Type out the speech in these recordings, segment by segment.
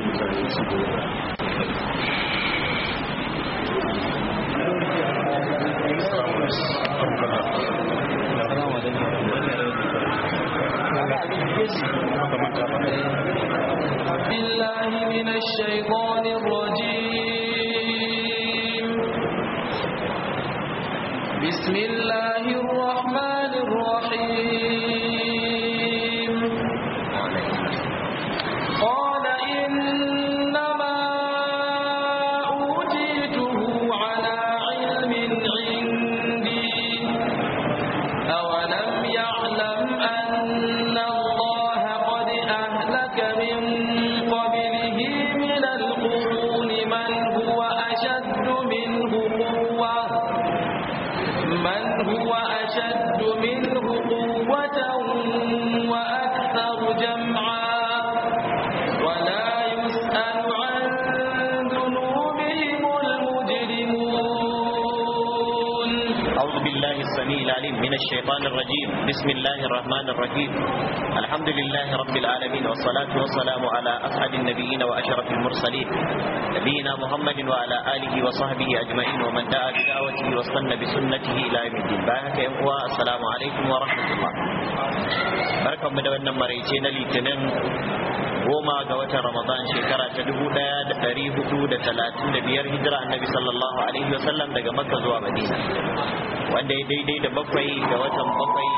students are to doing that. بسم الله الرحمن الرحيم الحمد لله رب العالمين والصلاة والسلام على أسعد النبيين وأشرف المرسلين نبينا محمد وعلى آله وصحبه أجمعين ومن دعا بدعوته واستنى بسنته إلى يوم الدين بارك السلام عليكم ورحمة الله بركة من أن مريتين لتنم وما ga رمضان شكرا shekara ta dubu daya da dari hudu da talatin da biyar hijira annabi sallallahu alaihi wasallam دي دي دي madina wanda ya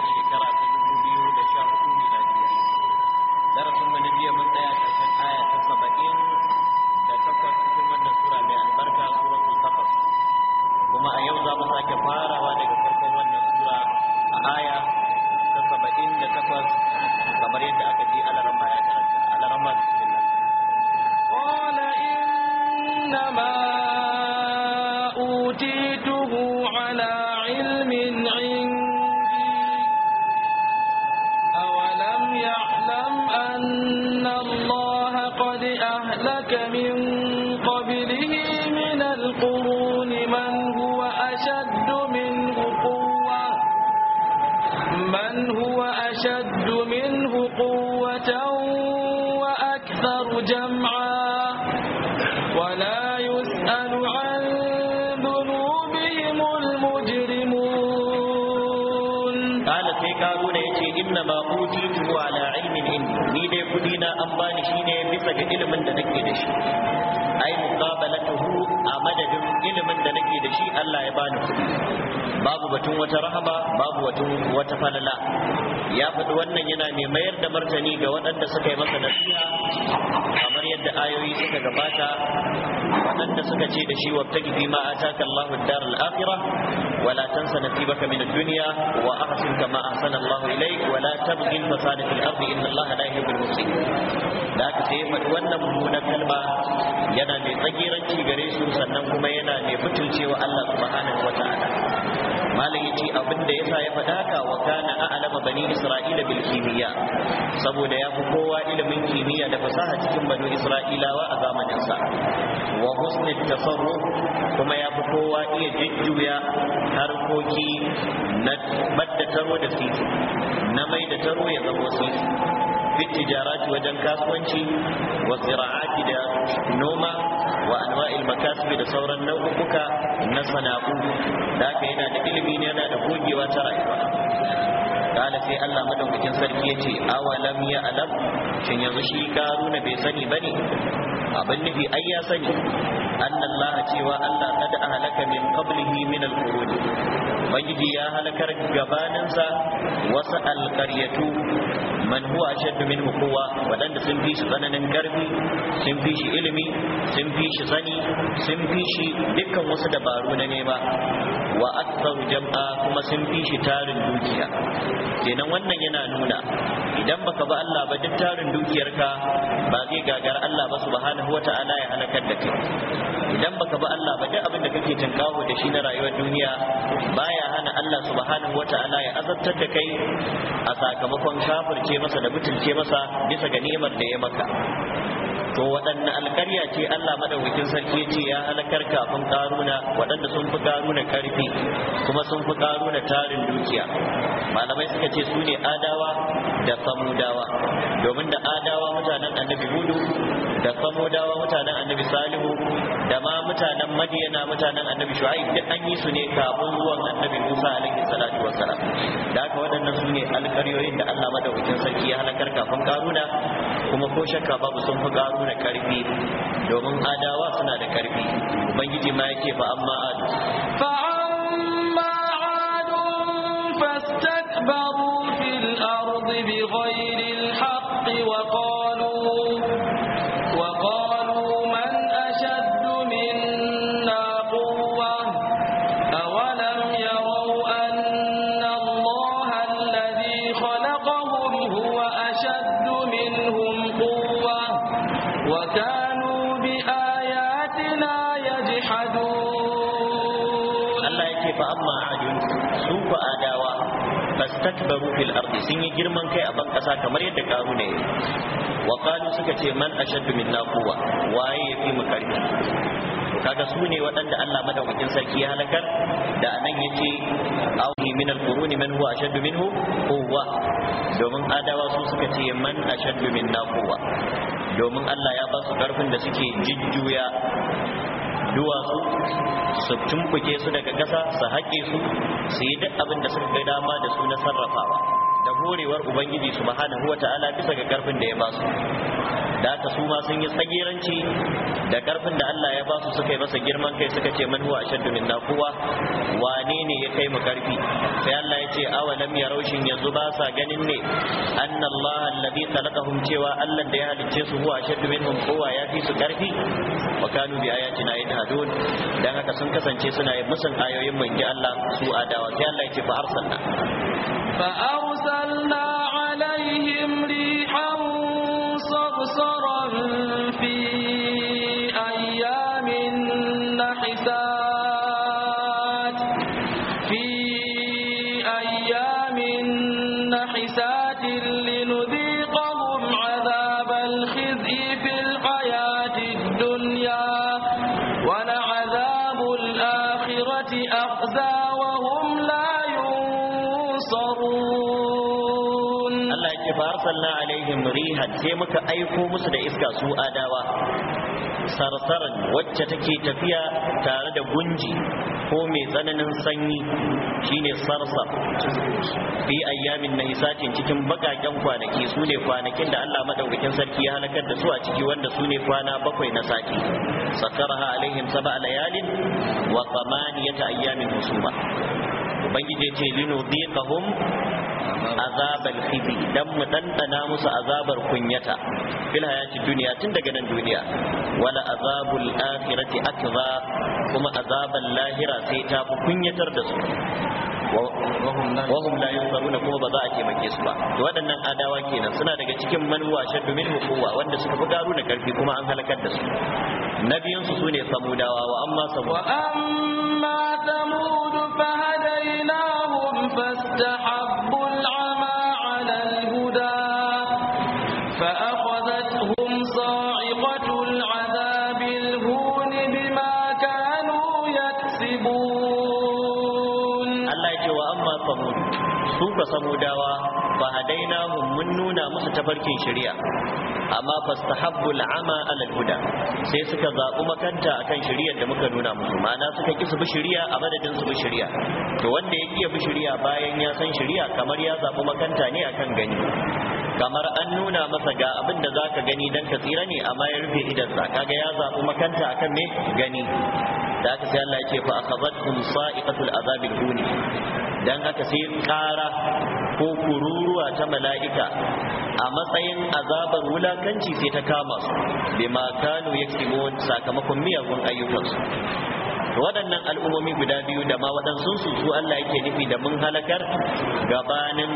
mai butulcewa Allah subhanahu wa ta'ala malam yace abin da yasa ya faɗa ka wa kana a'lama bani isra'ila bil kimiyya saboda ya fi kowa ilimin kimiyya da fasaha cikin bani isra'ilawa a zamanin sa wa husni tasarruf kuma ya fi kowa iya jujjuya harkoki na badda taro da siti na mai da taro ya zama siti fi tijarati wajen kasuwanci wa zira'ati da noma wa anwa'il makasibi da sauran nau'uka na sana'u da haka yana da ilimi ne yana da gogewa ta rayuwa kala sai Allah madaukakin sarki yace awalam ya alam shin yanzu shi karuna bai sani bane abin nufi ai ya sani annallaha cewa Allah kad ahlaka min qablihi min al-qurun ya halakar gabaninsa wasu alƙaryatu man huwa ashaddu minhu quwwa wadanda sun fi shi tsananin karfi sun fi shi ilimi sun fi shi sani sun fi shi dukkan wasu dabaru na nema wa aktharu jam'a kuma sun fi shi tarin dukiya kenan wannan yana nuna idan baka ba Allah ba duk tarin dukiyarka ba zai gagara Allah ba subhanahu wata'ala ya halakar da kai idan baka ba Allah ba duk abin da kake tunkawo da shi na rayuwar duniya baya hana Allah subhanahu wata'ala ya azabtar da kai a sakamakon kafirce masa da mutunce masa bisa ga ni'imar da ya maka to waɗanne alƙarya ce Allah madaukakin sarki ce ya halakar kafin karuna waɗanda sun fi karuna karfi kuma sun fi karuna tarin dukiya malamai suka ce su ne adawa da samudawa domin da adawa mutanen annabi hudu da samudawa mutanen annabi salihu da ma mutanen madiyana mutanen annabi shu'aib duk an yi su ne kafin ruwan annabi musa alaihi salatu wassalam da haka waɗannan su ne alƙaryoyin da Allah madaukakin sarki ya halakar kafin karuna kuma ko shakka babu sun fi karuna mana karfi domin adawa suna da karfi ubangiji ma yake fa amma adu sun yi girman kai a ban kasa kamar yadda karuna ne. wa kanu suka ce man ashaddu min naquwa waye yafi mu karfi to kaga su ne waɗanda Allah madaukakin sarki ya halakar da anan yace awi min al-qurun man huwa ashaddu minhu huwa domin adawa su suka ce man ashaddu min naquwa domin Allah ya ba su karfin da suke jijjuya duwatsu su tumbuke su daga ƙasa su haƙe su su yi duk abin da suka ga dama da su na sarrafawa horewar ubangiji subhanahu wata'ala bisa ga karfin da ya ba su da ta su ma sun yi tsagiranci da karfin da Allah ya ba su suka yi masa girman kai suka ce man huwa ashaddu minna kuwa wane ne ya kai mu karfi sai Allah ya ce awalam yarau shin yanzu ba sa ganin ne annallaha alladhi khalaqahum cewa Allah da ya halicce su huwa ashaddu minhum quwa ya fi su karfi wa kanu bi ayatina yajhadun dan haka sun kasance suna yin musun ayoyin manji Allah su adawa sai Allah ya ce fa arsalna fa arsal muka aiko musu da iska su adawa sarsaran wacce take tafiya tare da gunji ko mai tsananin sanyi shine sarsa Bi ayyamin na isatin cikin bakaken kwanaki su ne kwanakin da Allah madaukakin sarki ya halakar da su a ciki wanda su ne kwana bakwai na sati sakaraha alaihim sab'a layalin wa thamaniyata ayyamin husuma ubangije ce diqahum Azabar khizi dan mu dandana musu azabar kunyata ya ci duniya tun daga nan duniya wala azabul akhirati akza kuma azabal lahira sai ta fi kunyatar da su wahum la yusaruna kuma ba za a taimake su ba to waɗannan adawa kenan suna daga cikin manuwa shaddu min hukuwa wanda suka fi garu na karfi kuma an halakar da su na biyun su sune samudawa wa amma samu wa amma samudu fa hadainahum fastahabu su ka samudawa a daina mun nuna musu tafarkin shari'a amma fastahabbu al'ama ala al-huda sai suka zaɓi makanta akan shari'ar da muka nuna musu ma'ana suka ki su bi shari'a a madadin su bi shari'a to wanda ya kiya bi shari'a bayan ya san shari'a kamar ya zaɓi makanta ne akan gani kamar an nuna masa ga abin da zaka gani dan ka tsira ne amma ya rufe idansa kaga ya zaɓi makanta akan me gani da aka sai Allah ya ce fa akhadhatuhum sa'iqatul azabil huni dan aka sai ƙara ko kururuwa ta mala'ika a matsayin azabar wulakanci sai ta kama su bima kanu sakamakon miyagun ayyukansu waɗannan al'ummomi guda biyu da ma waɗansunsu su Allah yake nufi da mun halakar gabanin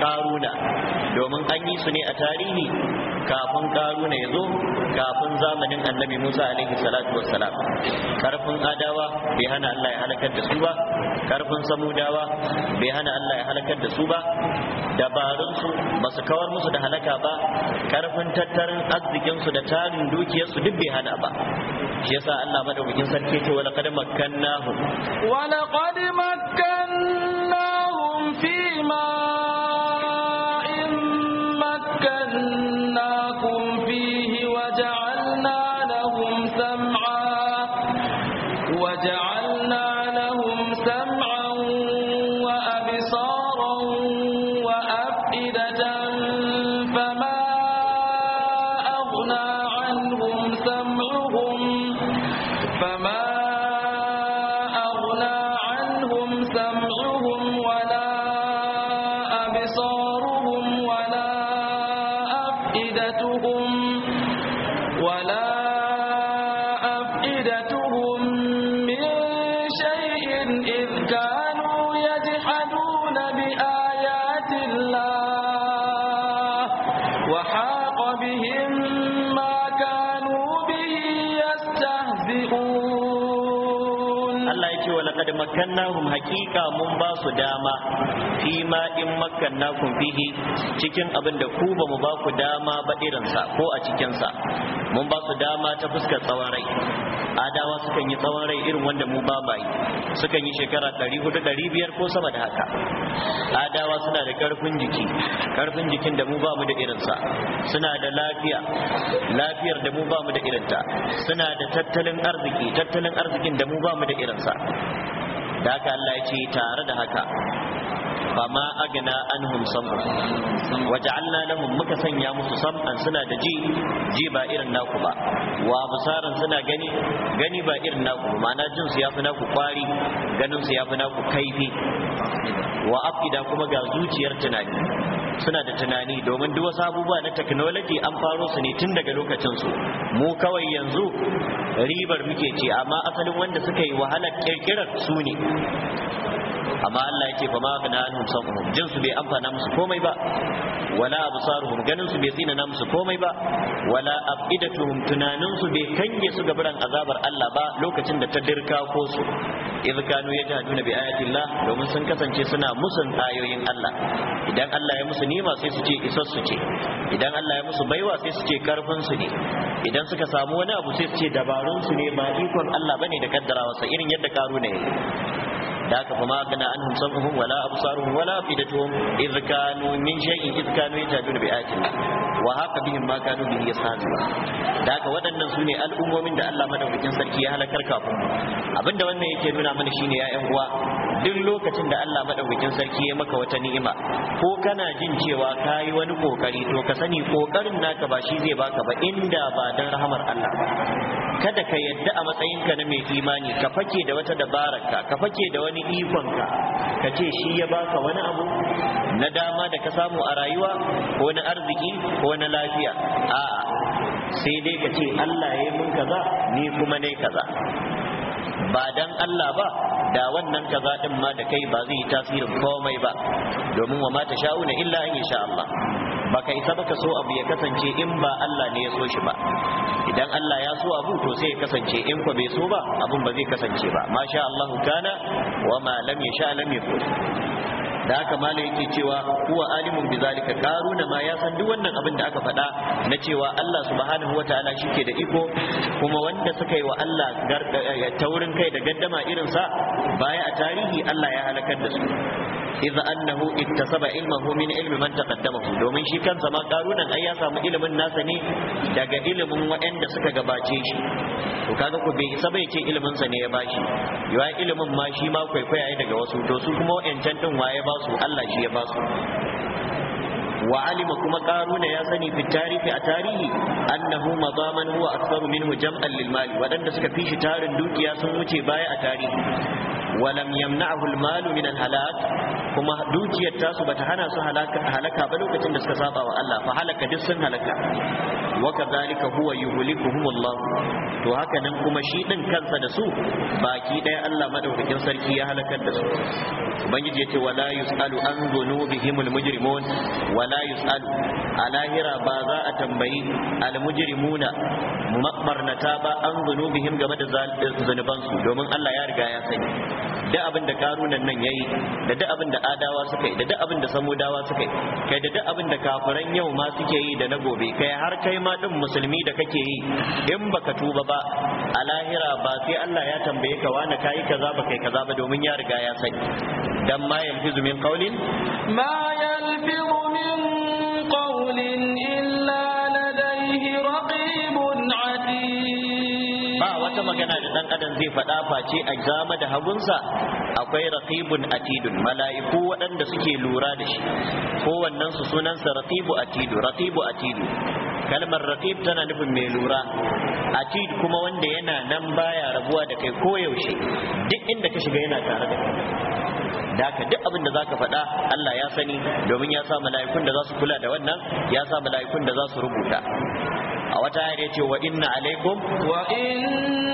karuna domin an yi su ne a tarihi kafin karuna ya zo kafin zamanin annabi musa alaihi salatu wassalam karfin adawa bai hana allah ya halakar da su ba karfin samudawa bai hana allah ya halakar da su ba dabarunsu ba su kawar musu da halaka ba karfin tattarin su da tarin dukiyarsu duk bai hana ba shi yasa allah madaukakin sarki ce wala laqad makkannahu wala laqad makkannahu makkannahum haƙiƙa mun ba su dama fi ma in makkannakum fihi cikin abin da ku ba mu ba ku dama ba irinsa ko a sa mun ba su dama ta fuskar tsawon rai adawa sukan yi tsawon rai irin wanda mu ba mai sukan yi shekara 400 500 ko sama da haka adawa suna da karfin jiki karfin jikin da mu ba mu da irinsa suna da lafiya lafiyar da mu ba mu da irinta suna da tattalin arziki tattalin arzikin da mu ba mu da irinsa da haka Allah ya ce tare da haka fama agna anhum sam'u waja'alna lahum muka sanya musu sam'an suna da ji ji ba irin naku ba wa busaran suna gani gani ba irin naku ba ma'ana jin su yafi naku kwari ganin su yafi naku kaifi wa afida kuma ga zuciyar tunani suna da tunani domin duk wasu abubuwa na technology an faro su ne tun daga lokacin su mu kawai yanzu ribar muke ce amma asalin wanda suka yi wahalar kirkirar su ne amma Allah yake fa ma gana anhum sawhum jin su bai amfana musu komai ba wala absaruhum ganin su bai tsina na musu komai ba wala afidatuhum tunanin su bai kange su gabaran azabar Allah ba lokacin da ta dirka ko su idh kanu yajaduna bi ayati Allah domin sun kasance suna musun ayoyin Allah idan Allah ya musu nima sai su ce isar su ce idan Allah ya musu baiwa sai su ce karfin su ne idan suka samu wani abu sai su ce dabarun su ne ba ikon Allah bane da kaddara wasa irin yadda karu ne da haka fa ma gana anhum sam'uhum wala absaruhum wala fidatuhum idh kanu min shay'in idh kanu yatajuna bi ayatina wa haka bihim ma kanu bihi yastahzi'un da haka waɗannan su ne al'ummomin da Allah madaukakin sarki ya halakar kafin abinda wannan yake nuna mana shine ya 'ya'yan uwa duk lokacin da Allah madaukakin sarki ya maka wata ni'ima ko kana jin cewa kayi wani kokari to ka sani kokarin naka ba shi zai baka ba inda ba dan rahamar Allah ba kada ka yadda a matsayinka na mai imani ka fake da wata dabararka ka fake da wani ikonka ka ce shi ya baka wani abu na dama da ka samu a rayuwa ko na arziki ko na lafiya a'a sai dai ka ce Allah ya yi mun kaza ni kuma ne kaza ba dan Allah ba da wannan kaza din ma da kai ba zai yi tasirin komai ba domin wa ma ta sha'una illa an sha Allah baka isa baka so abu ya kasance in ba Allah ne ya so shi ba idan Allah ya so abu to sai ya kasance in ko bai so ba abun ba zai kasance ba masha Allah kana wa ma lam yasha lam yakun da haka mala yake cewa huwa alimun bi zalika karuna ma ya san duk wannan abin da aka faɗa na cewa Allah subhanahu wataala shike da iko kuma wanda suka yi wa Allah eh, taurin kai da gaddama irin sa baya a tarihi Allah ya halakar da su idza annahu iktasaba ilmahu min ilmi man taqaddamahu domin shi kansa ma karunan ai ya samu ilimin nasa ne daga ilimin waɗanda suka gabace shi to kaga ku bai isa ce ilimin ne ya bashi yawa ilimin ma shi ma kwaikwaya daga wasu to su kuma wa'ancan din wa ya basu? Allah shi ya basu. wa alima kuma karuna ya sani fi tarihi a tarihi annahu madaman huwa aktharu minhu jam'an lil mali wadanda suka fi shi tarin dukiya sun wuce baya a tarihi walam yamna'ahu al malu min al halak kuma dukiyar tasu bata hana su halaka ba lokacin da suka saba wa Allah fa halaka duk sun halaka wa kadhalika huwa yuhlikuhum Allah to haka nan kuma shi din kansa da su baki daya Allah madaukakin sarki ya halakar da su ubangiji yace wala yusalu an dhunubihim al mujrimun wala la yus'al a lahira ba za a tambayi almujrimuna mabarnata ba an zunubihim game da zunubansu domin Allah ya riga ya sani da abin da karunan nan yayi da da abin da adawa suka yi da duk abin da samudawa suka yi kai da duk abin da kafiran yau ma suke yi da na gobe kai har kai ma din musulmi da kake yi in baka tuba ba a lahira ba sai Allah ya tambaye ka wani kayi kaza ba kai kaza ba domin ya riga ya sani dan ma yalfizu min qawlin ma yalfizu min qawlin magana da dan adam zai faɗa face a zama da hagunsa akwai raqibun atidun mala'iku waɗanda suke lura da shi kowannen su sunansa raqibu atidu raqibu atidu kalmar raqib tana nufin mai lura atid kuma wanda yana nan baya rabuwa da kai ko yaushe duk inda ka shiga yana tare da kai da duk abin da zaka ka faɗa Allah ya sani domin ya sa mala'ikun da za su kula da wannan ya sa mala'ikun da za su rubuta a wata ayar ya ce wa inna alaikum wa inna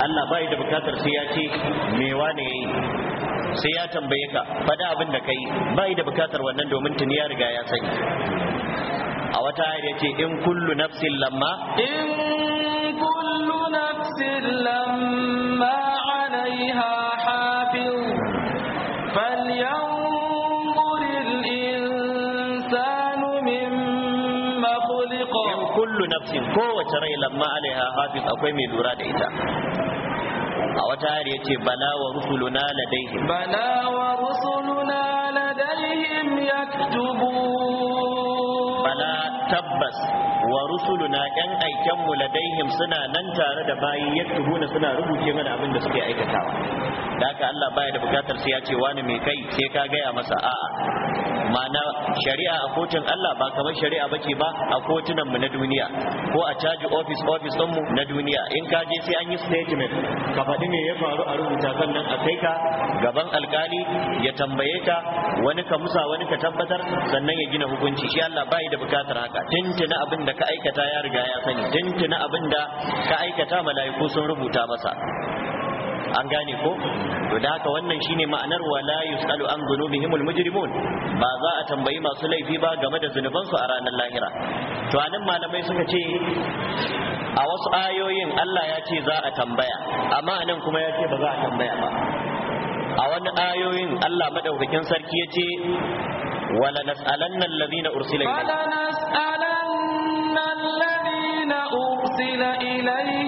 Allah bai da bukatar sai ya ce me wane yayi sai ya tambaye ka faɗa abin da kai bai da bukatar wannan domin tuni ya riga ya sani a wata ayar yace in kullu nafsin lamma in kullu nafsin lamma alaiha hafiz فلينظر الإنسان kullu nafsin kowace rai lamma alaiha لما akwai mai أقوي da ita. a wata hari ya ce bala wa rusuluna ladaihi bala wa rusuluna ladaihim yaktubun bala tabbas wa rusuluna yan aiken mu ladaihim suna nan tare da bayi na suna rubuce mana abin da suke aikatawa da haka Allah baya da bukatar sai ya ce wani mai kai sai ka gaya masa a'a ma'ana shari'a a kotun Allah ba kamar shari'a ba ce ba a kotunan mu na duniya ko a caji ofis-ofis din mu na duniya in ka je sai an yi statement ka faɗi me ya faru a rubuta sannan a kai ka gaban alkali ya tambaye ka wani ka musa wani ka tabbatar sannan ya gina hukunci shi Allah bai da bukatar haka tuntuna abin da ka aikata ya riga ya sani tuntuna abin da ka aikata mala'iku sun rubuta masa an gane ko to da haka wannan shine ma'anar wala yusalu an dhunubihimul mujrimun ba za a tambayi masu laifi ba game da zunubansu a ranar lahira to anan malamai suka ce a wasu ayoyin Allah ya ce za a tambaya amma anan kuma ya ce ba za a tambaya ba a wani ayoyin Allah madaukakin sarki ya ce wala nas'alanna alladhina ursila ilayhim wala nas'alanna alladhina ursila ilayhim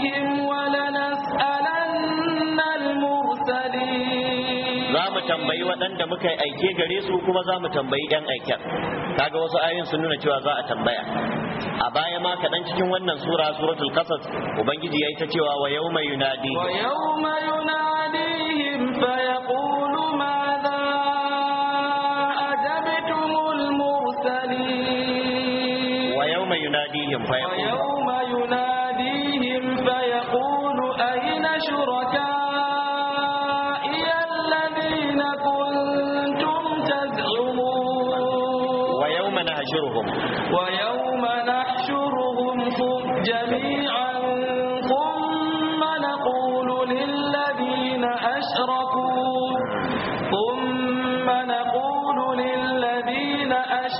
tambayi waɗanda muka yi aike gare su kuma za mu tambayi yan aiken kaga wasu ayin sun nuna cewa za a tambaya a baya ma kaɗan cikin wannan sura suratul qasas ubangiji ya yi ta cewa wa mai yunadi wa yau mai yunadi yaqulu madha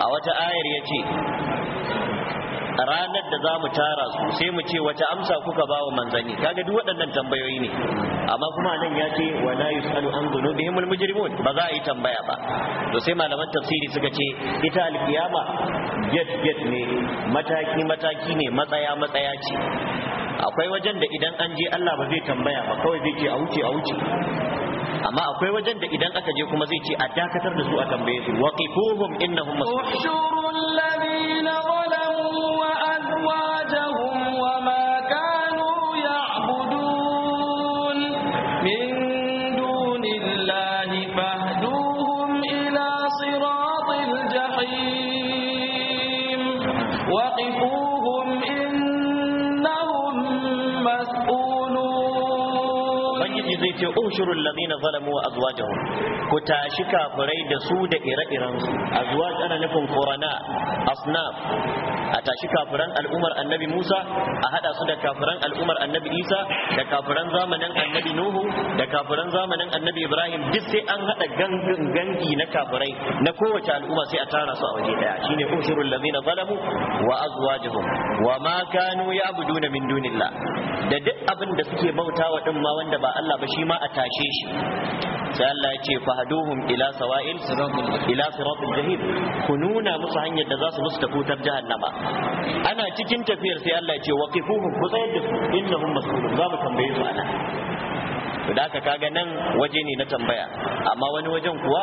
a wata ayar ya ce ranar da za mu tara su sai mu ce wata amsa kuka ba wa manzanni kaga duk waɗannan tambayoyi ne amma kuma nan ya ce wa la yusalu an dhunubihimul mujrimun ba za a yi tambaya ba to sai malaman tafsiri suka ce ita alkiyama get get ne mataki mataki ne matsaya matsaya ce akwai wajen da idan an je Allah ba zai tambaya ba kawai zai ce a wuce a wuce amma akwai wajen da idan aka je kuma zai ce a dakatar da su a tambaye su waqifuhum innahum mas'ulun ladina zalamu wa azwajahum wa ma kanu ya'budun min dunillahi fahduhum ila siratil jahim waqifuhum zai ce ushurul ladina zalamu wa azwajuhum ku tashi kafirai da su da ire-iren su azwaj ana nufin qurana asnaf a tashi kafiran al'umar annabi Musa a hada su da kafiran al'umar annabi Isa da kafiran zamanin annabi Nuhu da kafiran zamanin annabi Ibrahim duk sai an hada gangin gangi na kafirai na kowace al'umma sai a tara su a waje daya shine ushurul ladina zalamu wa azwajuhum wa ma kanu ya'buduna min dunillah da duk abin da suke bautawa din ma wanda ba Allah ba shi ma a tashe shi sai Allah ya ce fahduhum ila sawa'il ila siratil jahim ku nuna musu hanyar da za su musu tafutar jahannama ana cikin tafiyar sai Allah ya ce waqifuhum ku tsayar da su innahum mas'ulun za mu tambaye su ana to da aka kaga nan waje ne na tambaya amma wani wajen kuwa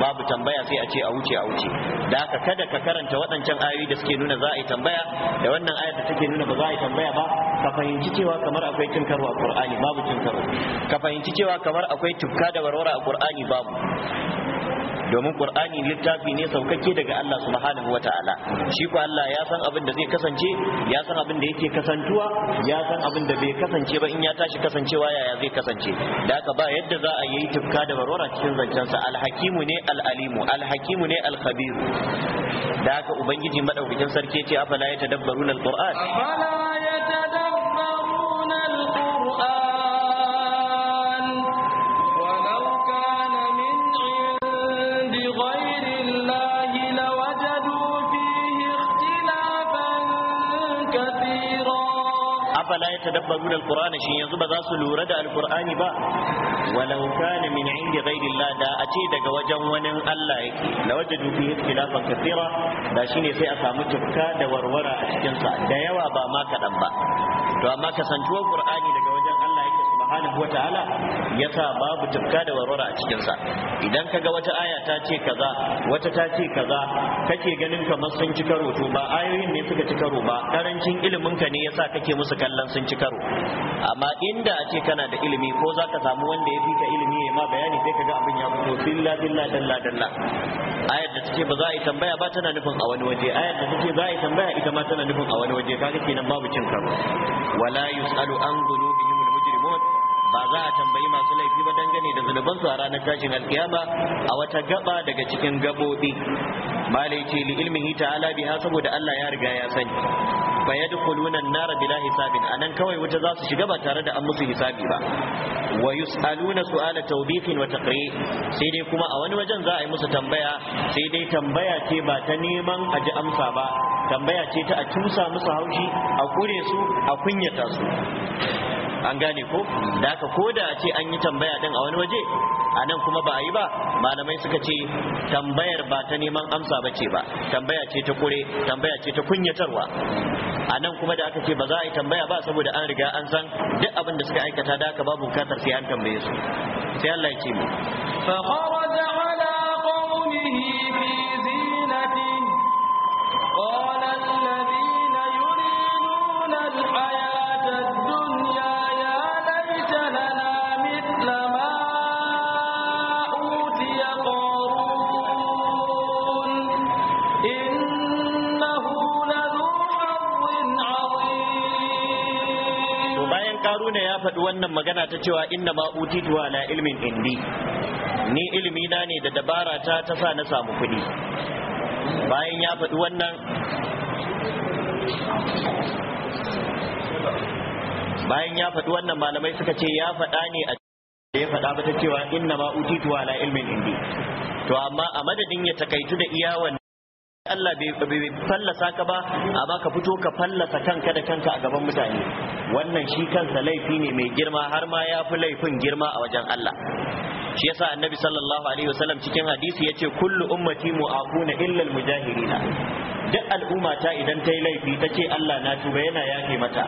babu tambaya sai a ce a wuce a wuce da aka kada ka karanta waɗancan ayoyi da suke nuna za a yi tambaya da wannan ayar da take nuna ba za a yi tambaya ba ka fahimci cewa kamar akwai cin karo a Qur'ani babu cin karo ka fahimci cewa kamar akwai tufka da warwara a Qur'ani babu domin qur'ani littafi ne saukakke daga Allah subhanahu wataala shi ko Allah ya san abin da zai kasance ya san abin da yake kasantuwa ya san abin da bai kasance ba in ya tashi kasancewa yaya zai kasance da haka ba yadda za a yi tufka da barora cikin zancen sa alhakimu ne alalimu alhakimu ne alkhabir da haka ubangiji madaukakin sarki ce afala ya tadabbaruna alquran afala yatadabbaruna alqur'ana shin yanzu ba za su lura da alkur'ani ba walau kana min indi ghairillah da a ce daga wajen wani Allah yake la wajadu fi ikhtilafan kathira da shine sai a samu tufka da warwara a cikin sa da yawa ba ma kadan ba to amma kasantuwar qur'ani daga wajen Allah subhanahu wa ta'ala ya sa babu tufka da warwara a cikinsa idan kaga wata aya ta ce kaza wata ta ce kaza kake ganin kamar sun ci karo to ba ayoyin ne suka ci karo ba karancin ilimin ka ne yasa kake musu kallon sun ci karo amma inda a ce kana da ilimi ko za ka samu wanda ya fi ka ilimi ya ma bayani sai kaga abin ya fito billa billa dalla dalla ayar da take ba za a yi tambaya ba tana nufin a wani waje ayar da take za a yi tambaya ita ma tana nufin a wani waje kaga kenan babu cin karo wala yusalu an dhunubihim ba za a tambayi masu laifi ba dangane da zunubansu a ranar tashin alkiyama a wata gaba daga cikin gabobi malaiti li ilmihi ta'ala biha saboda Allah ya riga ya sani fa yadkhuluna an-nar bila hisabin anan kawai wuta za su shiga ba tare da an musu hisabi ba wa yus'aluna su'ala tawbiqin wa taqri sai dai kuma a wani wajen za a yi musu tambaya sai dai tambaya ce ba ta neman a ji amsa ba tambaya ce ta a tusa musu haushi a kure su a kunyata su an gane ko da aka ko da ce an yi tambaya din a wani waje a nan kuma ba a yi ba malamai suka ce tambayar ba ta neman amsa ba ce ba tambaya ce ta kure tambaya ce ta kunyatarwa a nan kuma da aka ce ba za a yi tambaya ba saboda an riga an san duk abin da suka aikata da aka babu bukatar sai an tambaye su sai Allah ya ce mu wannan magana ta cewa inna ma utitu ala ilmin indi ni ilimi na ne da dabara ta ta sa na samu kuɗi bayan ya faɗi wannan bayan ya faɗi wannan malamai suka ce ya faɗa ne a da ya faɗa ba ta cewa inna ma utitu ala ilmin indi to amma a madadin ya takaitu da iyawan Allah bai fallasa ka ba amma ka fito ka fallasa kanka da kanka a gaban mutane wannan shi kansa laifi ne mai girma har ma ya fi laifin girma a wajen Allah shi yasa annabi sallallahu alaihi wasallam cikin hadisi yace kullu ummati mu'afuna illa almujahirina duk al'umma ta idan ta yi laifi ta ce Allah na tuba yana yafe mata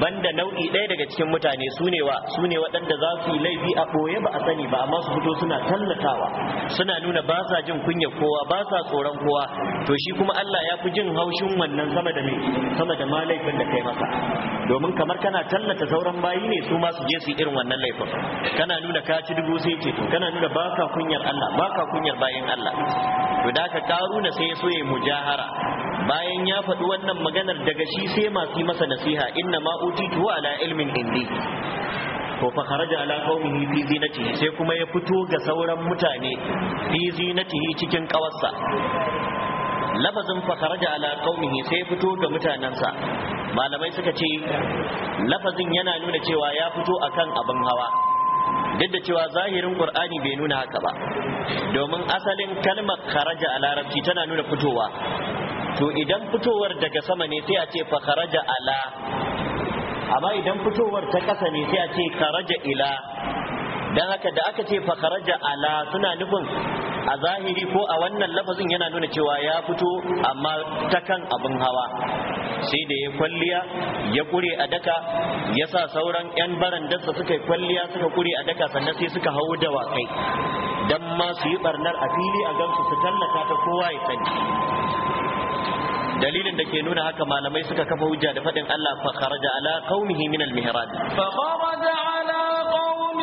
banda nau'i ɗaya daga cikin mutane sune wa sune waɗanda za su yi laifi a ɓoye ba a sani ba amma su fito suna tallatawa suna nuna ba sa jin kunya kowa ba sa tsoron kowa to shi kuma Allah ya fi jin haushin wannan sama da mai sama da ma da kai masa domin kamar kana tallata sauran bayi ne su ma su je su irin wannan laifin kana nuna ka ci dubu sai ce to kana nuna baka kunyar Allah baka kunyar bayan Allah to da ka na sai so ya mujahara bayan ya faɗi wannan maganar daga shi sai masu masa nasiha inna ma utitu ala ilmin indi to fa kharaja ala qaumihi fi zinatihi sai kuma ya fito ga sauran mutane fi zinatihi cikin kawarsa lafazin fa kharaja ala qaumihi sai ya fito ga mutanansa malamai suka ce lafazin yana nuna cewa ya fito akan abin hawa duk da cewa zahirin qur'ani bai nuna haka ba domin asalin kalmar kharaja a larabci tana nuna fitowa to idan fitowar daga sama ne sai a ce fa kharaja ala amma idan fitowar ta ƙasa ne sai a ce kharaja ila dan haka da aka ce fakaraja ala suna nufin a zahiri ko a wannan lafazin yana nuna cewa ya fito amma ta kan abin hawa sai da ya kwalliya ya kure a daka ya sa sauran 'yan baran dasa suka kwalliya suka kure a daka sannan sai suka hau wakai don ma su yi barnar a fili a gamsu su tallata ta kowa ya sani dalilin da ke nuna haka malamai suka kafa hujja da faɗin Allah fa kharaja ala qaumihi min al mihrad fa kharaja ala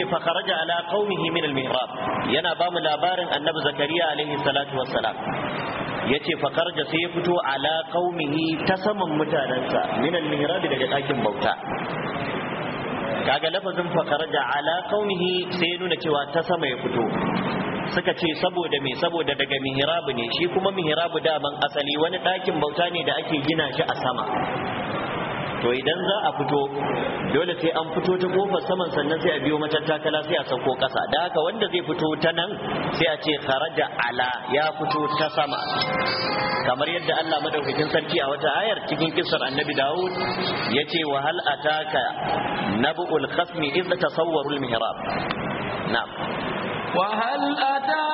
yace fa ala qaumihi min al-mihrab yana ba mu labarin annabi zakariya alaihi salatu wassalam yace fa kharaja sai ya fito ala qaumihi ta saman mutanansa min al-mihrab daga dakin bauta kaga lafazin fa kharaja ala qaumihi sai ya nuna cewa ta sama ya fito suka ce saboda me saboda daga mihrabu ne shi kuma mihrabu daman asali wani dakin bauta ne da ake gina shi a sama to idan za a fito dole sai an fito ta kofar saman sannan sai a biyo matattakala sai a sauko kasa da haka wanda zai fito ta nan sai a ce kharaja ala ya fito ta sama kamar yadda Allah madaukakin sarki a wata ayar cikin kissar annabi Dawud yace wa hal ataka nabul khasmi idh tasawwarul mihrab na'am wa hal ataka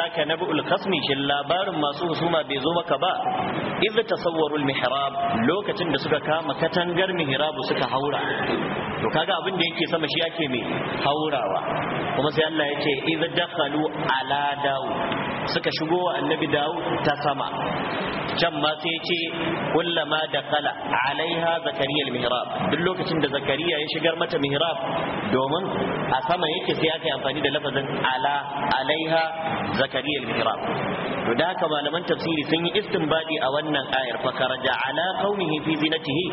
ataka nabul khasmi shin labarin masu husuma bai zo maka ba idh tasawwaru al-mihrab lokacin da suka kama katangar mihrabu suka haura to kaga abin da yake sama shi yake me haurawa kuma sai Allah ya ce idh dakhalu ala daud suka shigo wa annabi daud ta sama can ma sai ya kullama dakhala alaiha zakariya al-mihrab duk lokacin da zakariya ya shigar mata mihrab domin a sama yake sai aka yi amfani da lafazin ala alaiha zakariya al-mihrab to da haka malaman tafsiri sun yi istinbadi a wannan wannan ayar fakaraja ala kaunihi fi zinatihi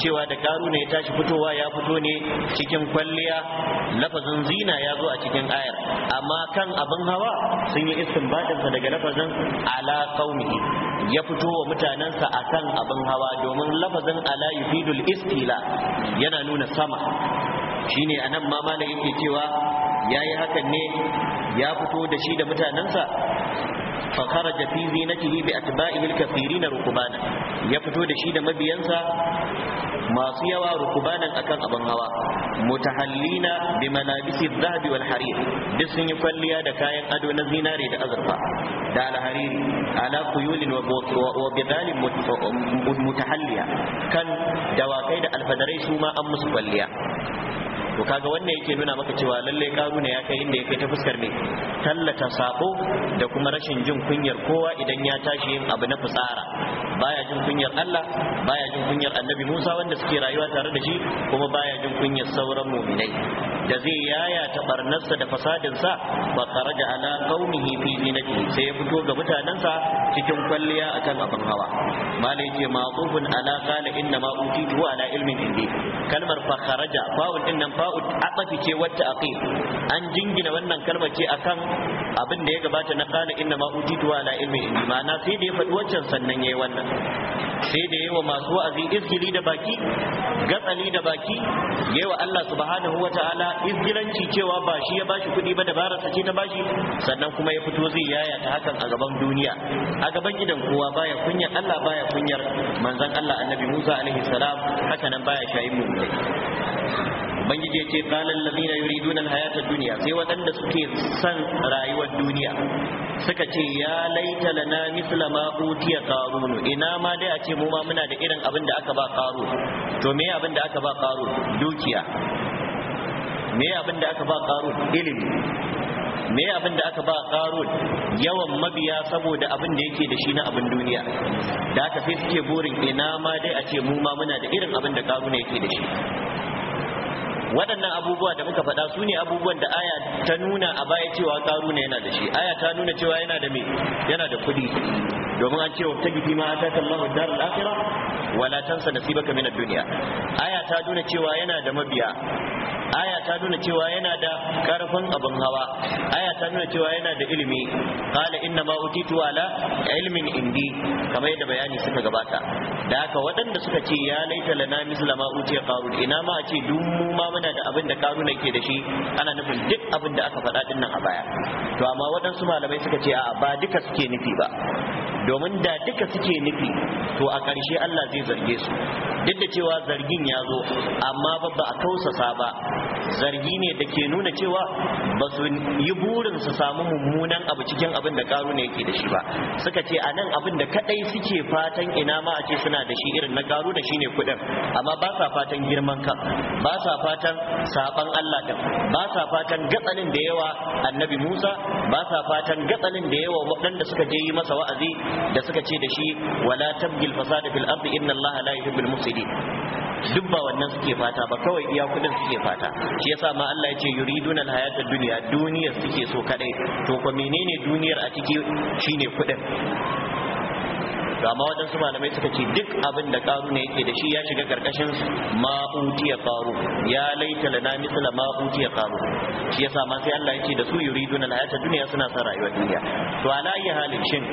cewa da karu ne ya tashi fitowa ya fito ne cikin kwalliya lafazin zina ya zo a cikin ayar amma kan abin hawa sun yi istinbadinsa daga lafazin ala kaunihi ya fito wa mutanensa akan abin hawa domin lafazin ala yufidul istila yana nuna sama shine anan ma malai yake cewa yayi hakan ne ya fito da shi da mutanensa Fakarar jafizi na kilibi ati, bai wilka firi na Ya fito da shi da mabiyansa, masu yawa a akan aban ban hawa. Mutahalilina bimana bishin zabiwar Hariri. Bisin ya kwalliya da kayan ado na Zinari da Azurfa. Da nahariri, ala ku yi wajen mutahalliya. Kan da wa kai da alfadarai, su ma amma su kwalliya. to kaga wannan yake nuna maka cewa lalle ne ya kai inda ya kai ta fuskar ne tallata sako da kuma rashin jin kunyar kowa idan ya tashi yin abu na fitsara baya jin kunyar Allah baya jin kunyar Annabi Musa wanda suke rayuwa tare da shi kuma baya jin kunyar sauran mu'minai da zai yaya tabarnarsa da fasadinsa wa kharaja ala qaumihi fi zinati sai ya fito ga mutanensa cikin kwalliya akan abin hawa malai ce ma'qufun ala qala inna ma utitu ala ilmin indi kalmar fa kharaja fa'ul din nan fa'ul atafi ce wata aqil an jingina wannan kalmar ce akan abin da ya gabata na kana inna ma utitu ala ilmi indi ma'ana sai da ya faɗi waccan sannan yayi wannan sai da yawa masu wa'azi izgili da baki gatsali da baki yayi wa Allah subhanahu ta'ala izgilanci cewa ba shi ya bashi kuɗi ba dabara sace ta bashi sannan kuma ya fito zai yaya ta hakan a gaban duniya a gaban gidan kowa baya kunyar Allah baya kunyar manzon Allah annabi Musa alaihi salam haka nan baya shayin mu ubangiji ce qalan ladina yuriduna alhayata dunya sai waɗanda suke son rayuwar duniya suka ce ya laita lana misla ma utiya qarun ina ma dai a ce mu ma muna da irin abin da aka ba qarun to me abin da aka ba qarun dukiya me abin da aka ba qarun ilimi me abin da aka ba qarun yawan mabiya saboda abin da yake da shi na abin duniya da aka sai suke burin ina ma dai a ce mu ma muna da irin abin da qarun yake da shi waɗannan abubuwa da muka faɗa su ne abubuwan da aya ta nuna a baya cewa ne yana da shi aya ta nuna cewa yana da me yana da kuɗi domin an cewa ta gifi ma ta kallahu dar al akhirah wala tansa nasibaka min ad-dunya aya ta nuna cewa yana da mabiya aya ta nuna cewa yana da karfin abin hawa aya ta nuna cewa yana da ilimi qala inna ma utitu ala ilmin indi kamar yadda bayani suka gabata da haka waɗanda suka ce ya laita lana mislama utiya qarun ina ma a ce duk mu ma muna da abin da karuna ke da shi ana nufin duk abin da aka faɗa dinnan a baya to amma waɗansu malamai suka ce a ba duka suke nufi ba domin da duka suke nufi to a ƙarshe Allah zai zarge su duk da cewa zargin ya zo amma ba ba a tausasa ba zargi ne da ke nuna cewa ba su yi burin su samu mummunan abu cikin abin da ne yake da shi ba suka ce a nan abin da kadai suke fatan ina ma a ce suna da shi irin na da shi ne kuɗin amma ba sa fatan girman kan ba sa fatan saban Allah din ba sa fatan gatsalin da yawa annabi Musa ba sa fatan gatsalin da yawa waɗanda suka je yi masa wa'azi da suka ce da shi wala tabgil fasada fil ardi inna Allah la yuhibbul mufsidin duk ba wannan suke fata ba kawai iya kudin suke fata shi yasa ma Allah ya ce yuriduna alhayata dunya duniyar suke so kadai to ko menene duniyar a ciki shine kudin to amma waɗansu malamai suka ce duk abin da karu ne yake da shi ya shiga karkashin ya karu ya laita lana misla ya karu shi yasa ma sai Allah yake da su na hayata duniya suna sa rayuwar duniya to ala yi halin shin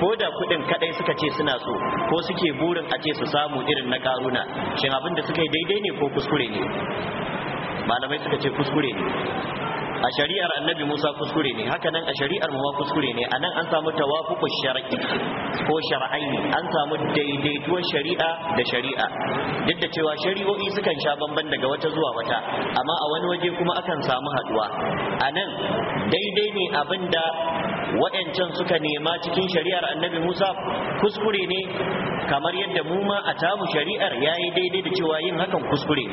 ko da kuɗin kadai suka ce suna so ko suke burin a ce su samu irin na karuna shin abin da suka yi daidai ne ko kuskure ne malamai suka ce kuskure ne a shari'ar annabi Musa kuskure ne haka nan a shari'ar mu kuskure ne a nan an samu tawafuku shar'i ko shar'aini an samu daidaituwar shari'a da shari'a duk da cewa shari'o'i sukan sha bamban daga wata zuwa wata amma a wani waje kuma akan samu haduwa a nan daidai ne abinda waɗancan suka nema cikin shari'ar annabi Musa kuskure ne kamar yadda mu ma a tamu shari'ar yayi daidai da cewa yin hakan kuskure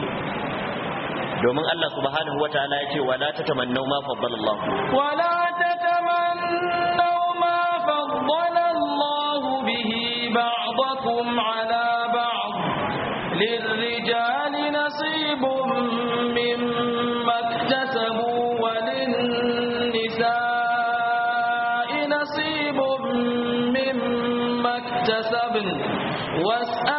domin Allah subhanahu wataala ya ce wala tatamannu ma faddala Allah wala tatamannu ma faddala Allah bihi ba'dakum ala ba'd lirrijali nasibum mimma iktasabu nisaa'i nasibum mimma اكتسبن was'a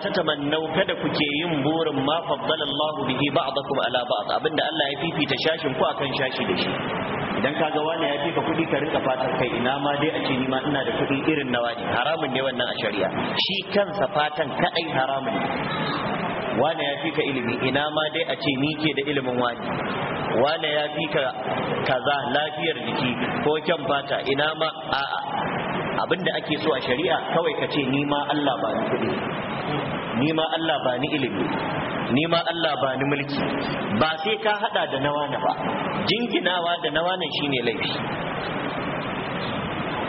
ta tatamannau kada kuke yin burin ma faddalallahu bihi ba'dakum ala ba'd abinda Allah ya fifita shashin ku akan shashi da shi idan kaga wani ya fika kuɗi ka rinka fatar kai ina ma dai a ce ni ma ina da kuɗi irin nawa ne haramun ne wannan a shari'a shi kansa fatan kadai haramun ne Wani ya fika ilimi ina ma dai a ce ni ke da ilimin wani wane ya fika kaza lafiyar jiki ko kyan fata ina ma a'a abinda ake so a shari'a kawai ka ce ni ma Allah ba ni kuɗi ni ma Allah ba ni ilimi ni ma Allah ba ni mulki ba sai ka hada da na wani ba jinginawa da na wani shine laifi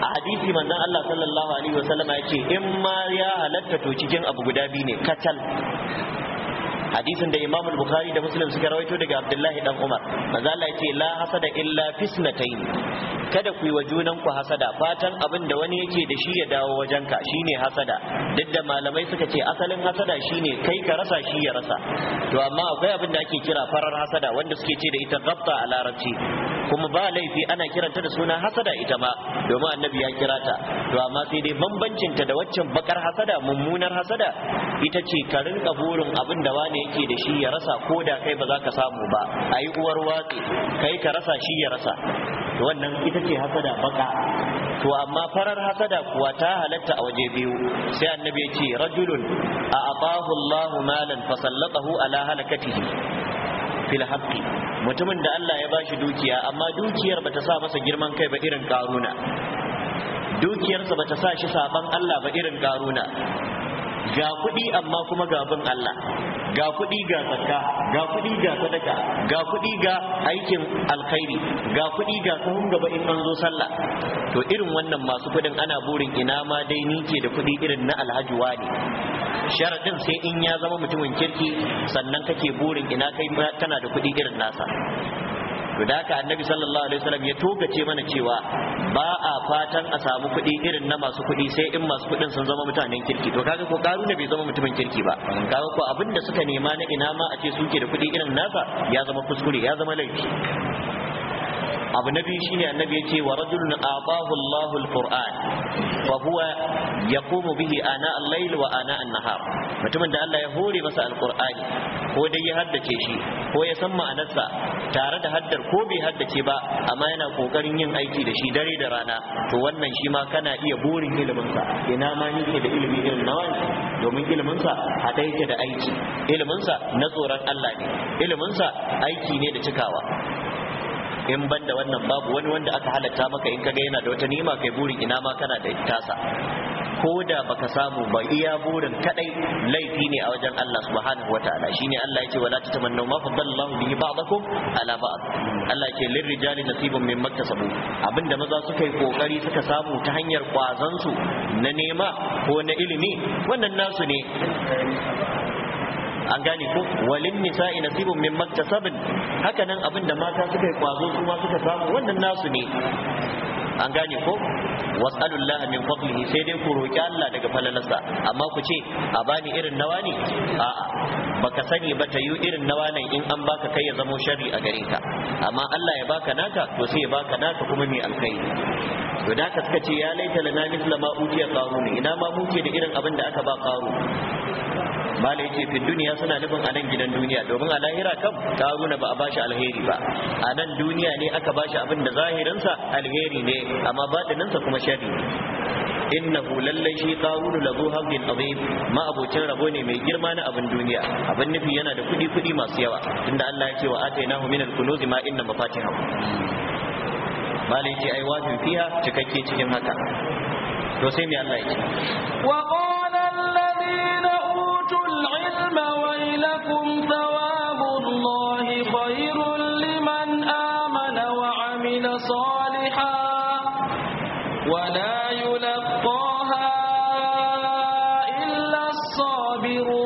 a hadisi manzon Allah sallallahu alaihi ya yace in ma ya halatta to cikin abu guda biyu ne katal hadisin da Imam Bukhari da Muslim suka rawaito daga Abdullahi dan Umar maza Allah yace la hasada illa fisnatayn kada ku yi wa junan ku hasada fatan abin da wani yake da shi ya dawo wajenka shine hasada duk da malamai suka ce asalin hasada shine kai ka rasa shi ya rasa to amma akwai abin da ake kira farar hasada wanda suke ce da ita gabta a larabci kuma ba laifi ana kiranta da suna hasada ita ma domin annabi ya kira ta to amma sai dai bambancin ta da waccan bakar hasada mummunar hasada ita ce ka rinka burin abin da wani yake da shi ya rasa ko da kai ba za ka samu ba A yi uwar watsi kai ka rasa shi ya rasa wannan ita ce hasada baka to amma farar hasada kuwa ta halatta a waje biyu sai annabi ya ce rajulun a atahu Allahu malan fasallatahu ala halakatihi fil haqqi mutumin da Allah ya bashi dukiya amma dukiyar bata sa masa girman kai ba irin karuna dukiyarsa bata sa shi saban Allah ba irin karuna ga kuɗi amma kuma ga bin Allah ga kuɗi ga zakka ga kuɗi ga sadaka ga kuɗi ga aikin alkhairi ga kuɗi ga sahun gaba in an zo sallah to irin wannan masu kuɗin ana burin ina ma dai ni ke da kuɗi irin na alhaji wani sharadin sai in ya zama mutumin kirki sannan kake burin ina kai kana da kuɗi irin nasa to da haka annabi sallallahu alaihi wasallam ya tokace mana cewa ba a fatan a samu kuɗi irin na masu kuɗi sai in masu kuɗin sun zama mutanen kirki to kaga ko na bai zama mutumin kirki ba kaga ko abin da suka nema na ina ma a ce suke da kuɗi irin nasa ya zama kuskure ya zama laifi abu na biyu shine annabi ce wa rajulun atahu Allahu alquran fa huwa yaqumu bihi ana al-layl wa ana an-nahar mutumin da Allah ya hore masa alqur'ani ko dai ya haddace shi ko ya san ma'anarsa tare da haddar ko bai haddace ba amma yana kokarin yin aiki da shi dare da rana to wannan shi ma kana iya burin ilimin sa ina ma yake da ilimi irin na wani domin ilimin sa hada yake da aiki ilimin sa na tsoron Allah ne ilimin sa aiki ne da cikawa in banda wannan babu wani wanda aka halatta maka in kaga yana da wata nima kai burin ina ma kana da tasa ko da baka samu ba iya burin kadai laifi ne a wajen Allah subhanahu wataala shine Allah yace wala tatamannu ma fadallahu bihi ba'dakum ala ba'd Allah yace lil rijali nasibun mimma kasabu abinda maza suka yi kokari suka samu ta hanyar kwazansu na nema ko na ilimi wannan nasu ne an gane ko walin nisa'i nasibun min maktasabin haka nan abin mata suka yi kwazo su ma suka samu wannan nasu ne an gane ko was'alullah min fadlihi sai dai ku roki Allah daga falalarsa amma ku ce a bani irin nawa ne a baka sani ba ta yi irin nawa nan in an baka kai ya zamo sharri a gare ka amma Allah ya baka naka to sai ya baka naka kuma mai alkai to da ka suka ce ya laita lana mithla ma utiya qaruni ina ma muke da irin abin da aka ba qarun mala yace fi duniya suna nufin a nan gidan duniya domin a lahira kam karuna ba a bashi alheri ba a nan duniya ne aka bashi abin da zahirinsa alheri ne amma batininsa kuma shari innahu lallai shi qarunu lazu haqqin azim ma abucin rabo ne mai girma na abin duniya abin nufi yana da kudi kudi masu yawa tunda Allah ya ce wa atainahu al kunuzi ma inna mafatiha malai ce ai wafin fiya cikakke cikin haka to sai me Allah ya ce Wana yi nafoha illa sobiru.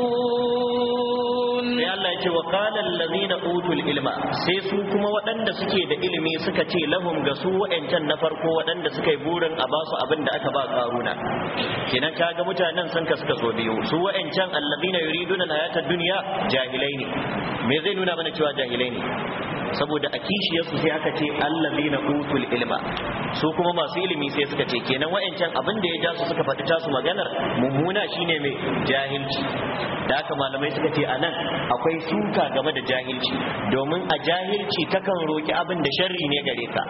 ilma sai su kuma waɗanda suke da ilimi suka ce ga su waƴancan na farko waɗanda yi burin a basu abin da aka ba karuna. Kinan kaga mutanen sun kasuwa sobewu su waƴancan a Lallazina yuridunan duniya jahilai ne me zai nuna mana cewa jahilai ne. saboda a kishiyarsu sai aka ce na utul ilma su kuma masu ilimi sai suka ce kenan wa'ancan abin da ya ja su suka faɗi tasu maganar mummuna shine mai jahilci da aka malamai suka ce anan akwai suka game da jahilci domin a jahilci kakan roki abin da sharri ne gare ka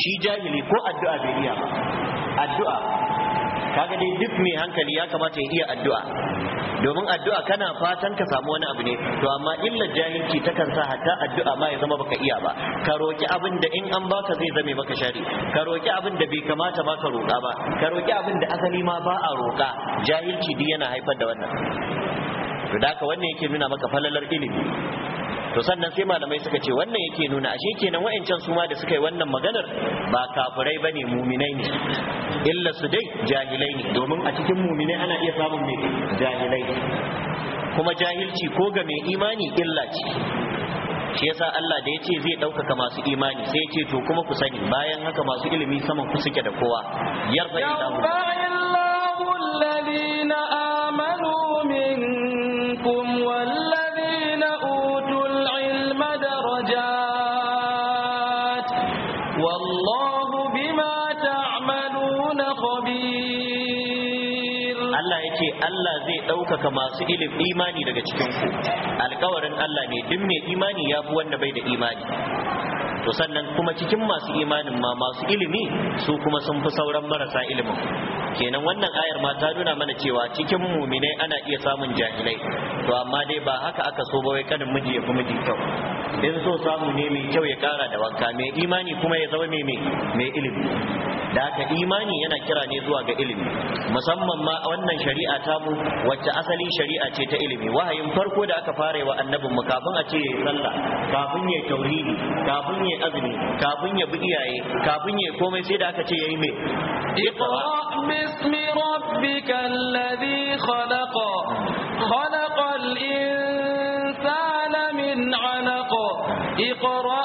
shi jahili ko addu'a bai iya ba addu'a kaga dai duk mai hankali ya kamata ya iya addu'a domin addu'a kana fatan ka samu wani abu ne to amma illar jahilci takan sa hatta addu'a ma ya zama baka iya ba ka roki abin da in an baka zai zame maka shari ka roki abin da bai kamata ba ka roka ba ka roki abin da asali ma ba a roka jahilci duk yana haifar da wannan to da haka wannan yake nuna maka falalar ilimi to sannan sai malamai suka ce wannan yake nuna ashe kenan wa'ancan su ma da suka yi wannan maganar ba kafirai ne, muminai ne illa su dai jahilai ne domin a cikin muminai ana iya samun mai jahilai kuma jahilci ko ga mai imani illa ce shi yasa Allah da yace zai ɗaukaka masu imani sai yace to kuma ku sani bayan haka masu ilimi saman ku suke da kowa yarfa ilahu Allah zai ɗaukaka masu ilim imani daga cikin ku alkawarin Allah ne duk mai imani ya fi wanda bai da imani to sannan kuma cikin masu imanin ma masu ilimi su kuma sun fi sauran marasa ilimin kenan wannan ayar ma ta nuna mana cewa cikin muminai ana iya samun jahilai to amma dai ba haka aka so ba wai kanin miji ya fi miji kyau in so samu ne mai kyau ya kara da wanka mai imani kuma ya zama mai mai ilimi da haka imani yana kira ne zuwa ga ilimi musamman ma wannan shari'a ta mu wacce asali shari'a ce ta ilimi wahayin farko da aka fara wa annabin mu kafin a ce ya sallah kafin ya tauhidi kafin ya azumi kafin ya bi iyaye kafin ya komai sai da aka ce yayi me iqra bismi rabbika alladhi khalaqa khalaqal insana min علق iqra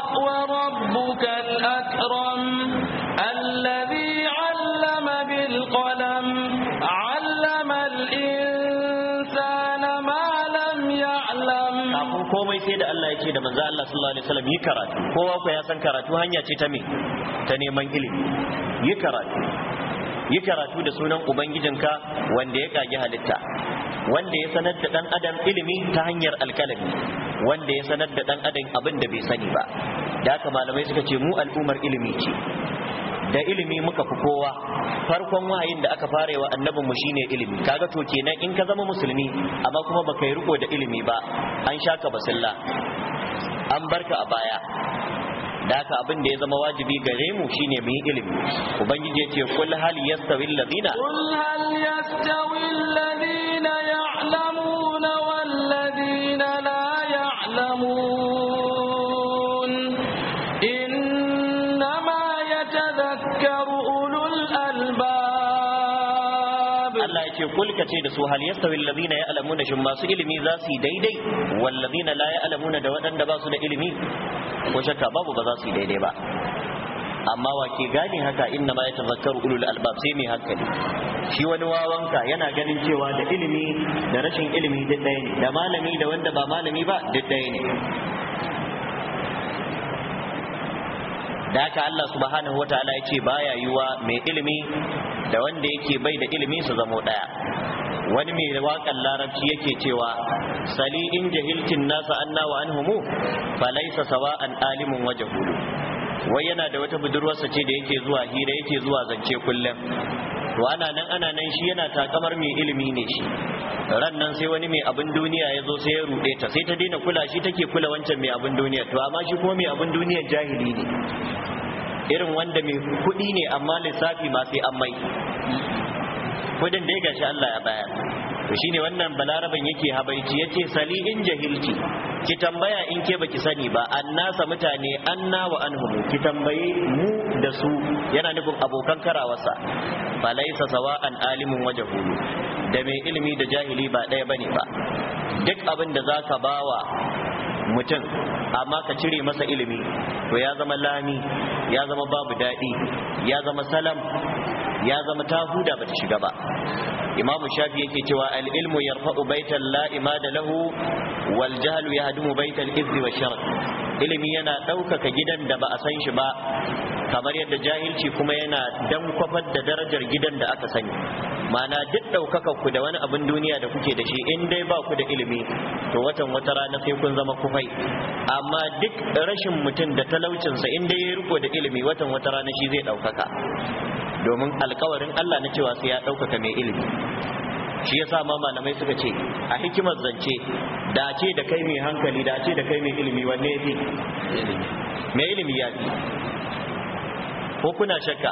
ce da manzo Allah sallallahu alaihi wasallam yi karatu kowa ku ya san karatu hanya ce ta me ta neman ilimi yi karatu yi karatu da sunan ubangijinka wanda ya kage halitta wanda ya sanar da dan adam ilimi ta hanyar alkalami wanda ya sanar da dan adam abin da bai sani ba da haka malamai suka ce mu al'umar ilimi ce da ilimi muka fi kowa farkon wayin da aka fara wa mu shine ilimi kaga to kenan in ka zama musulmi amma kuma baka yi riko da ilimi ba an shaka basilla an barka a baya da haka abin da ya zama wajibi gare mu shine mu yi ilimi ubangiji ya ce kul hal yastawi alladhina kul hal yastawi ce kul ka ce da su hal yastawi alladhina ya'lamuna shin masu ilimi za su yi daidai walladhina la ya'lamuna da waɗanda ba su da ilimi ko shakka babu ba za su yi daidai ba amma wa ke gane haka inna ma yatazakkaru ulul albab sai mai hankali shi wani wawanka yana ganin cewa da ilimi da rashin ilimi duk ɗaya ne da malami da wanda ba malami ba duk ɗaya ne da haka Allah subhanahu wataala ya ce baya yiwa mai ilimi da wanda yake bai da ilimin su zamo daya wani mai waƙan larabci yake cewa sali in jahiltin nasa anna wa Falaisa, sawa alimin alimun hudu. wai yana da wata budurwarsa ce da yake zuwa hira yake zuwa zance kullum to ana nan ana nan shi yana takamar mai ilimi ne shi ran nan sai wani mai abin duniya ya zo sai ya ruɗe ta sai ta daina kula shi take kula wancan mai abin duniya to amma shi kuma mai abin duniya jahili ne irin wanda mai kuɗi ne amma lissafi ma sai an mai kudin da ya gashi Allah ya bayar to shine wannan balaraban yake habaici yace salihin jahilci ki tambaya in ke baki sani ba annasa mutane anna wa anhum ki tambaye mu da su yana nufin abokan karawarsa fa sawa'an alimun wajahu da mai ilimi da jahili ba ɗaya bane ba duk abin da zaka bawa mutum amma ka cire masa ilimi to ya zama lami ya zama babu daɗi ya zama salam ya zama ta huda ta shiga ba imam shafi yake cewa al ilmu yarfa'u baitan la'ima da lahu wal jahlu yahdumu baitan izzi wa shar ilimi yana ɗaukaka gidan da ba a san shi ba kamar yadda jahilci kuma yana kwafar da darajar gidan da aka sani mana duk ɗaukakar ku da wani abin duniya da kuke da shi in dai ba ku da ilimi to watan wata rana sai kun zama kufai amma duk rashin mutum da talaucinsa in dai ya riko da ilimi watan wata rana shi zai ɗaukaka domin alkawarin Allah na cewa sai ya ɗaukaka mai ilimi shi yasa ma malamai suka ce a hikimar zance da ce da kai mai hankali da ce da kai mai ilimi wanne ya fi mai ilimi ya fi ko kuna shakka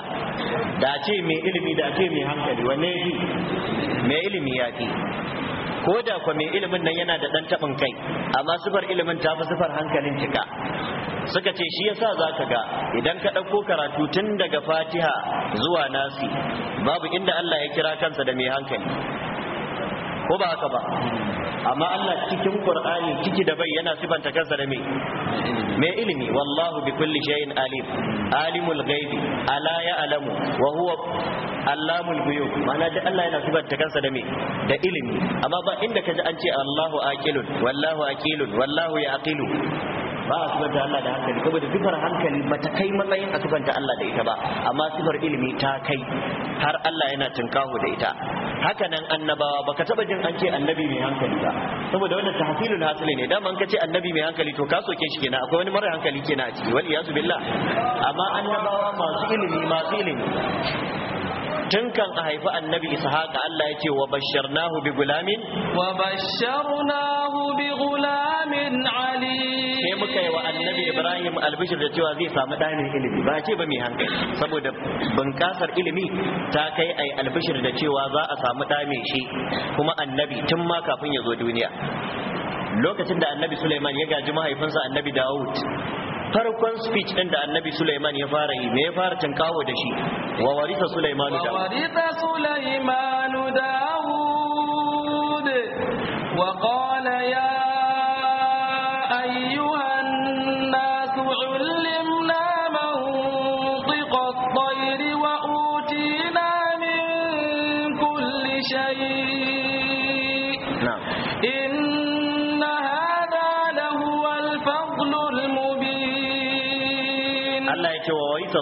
da ce mai ilimi da ce mai hankali wanne yi mai ilimi ya fi ko da kwa mai ilimin nan yana da ɗan taɓin kai amma sifar ilimin ta fi sifar hankalin cika suka ce shi yasa za ka ga idan ka ɗauko karatu tun daga fatiha zuwa nasi babu inda allah ya kira kansa da mai hankali ko ba haka ba amma Allah cikin Qur'ani ciki da bai yana sifanta kansa da me me ilimi wallahu bi kulli shay'in alim alimul ghaibi ala ya'lamu wa huwa allamul ghuyub ma'ana da Allah yana sifanta kansa da me da ilimi amma ba inda kaji an ce Allahu aqilun wallahu aqilun wallahu yaqilu ba a sifanta Allah da hankali da sifar hankali ba ta kai matsayin a sifanta Allah da ita ba amma sifar ilimi ta kai har Allah yana tunkaho da ita haka nan annabawa baka taba jin an ce annabi mai hankali ba saboda wannan tahsilul hasili ne dama an ka ce annabi mai hankali to ka soke shi kenan akwai wani mara hankali kenan a ciki wal billah amma annabawa masu ilimi masu ilimi tun kan a haifi annabi ishaqa Allah ya ce wa basharnahu bi gulamin wa basharnahu bi gulamin aka yi wa annabi ibrahim albishir da cewa zai samu ɗa mai ilimi ba ce ba mai hankali saboda bunƙasar ilimi ta kai yi albishir da cewa za a samu ɗa mai shi kuma annabi tun ma kafin ya zo duniya lokacin da annabi suleiman ya gaji mahaifinsa annabi dawud farkon speech ɗin da annabi Suleiman ya fara yi me ya fara kawo da shi wa warisa Suleimanu da warisa Dawud wa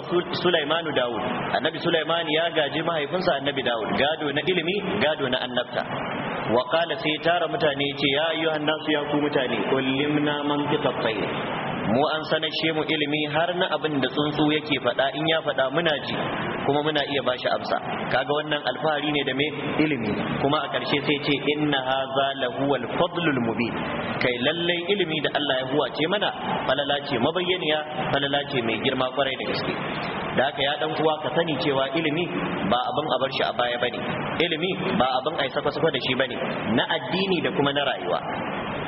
warisa Sulaimanu Dawud annabi Sulaiman ya gaji mahaifinsa annabi Dawud gado na ilimi gado na annabta wa qala sai tara mutane ce ya ayyuhan nasu ya ku mutane kullimna mantiqa tayr mu an sanashe mu ilimi har na abin da tsuntsu yake faɗa in ya faɗa muna ji kuma muna iya bashi amsa kaga wannan alfahari ne da me ilimi kuma a ƙarshe sai ce inna hadha lahuwal fadlul mubin kai lallai ilimi da Allah ya huwa ce mana falala ce mabayyaniya falala ce mai girma kwarai da gaske da haka ya dan uwa ka sani cewa ilimi ba abin a bar shi a baya bane ilimi ba abin a yi sakwa da shi bane na addini da kuma na rayuwa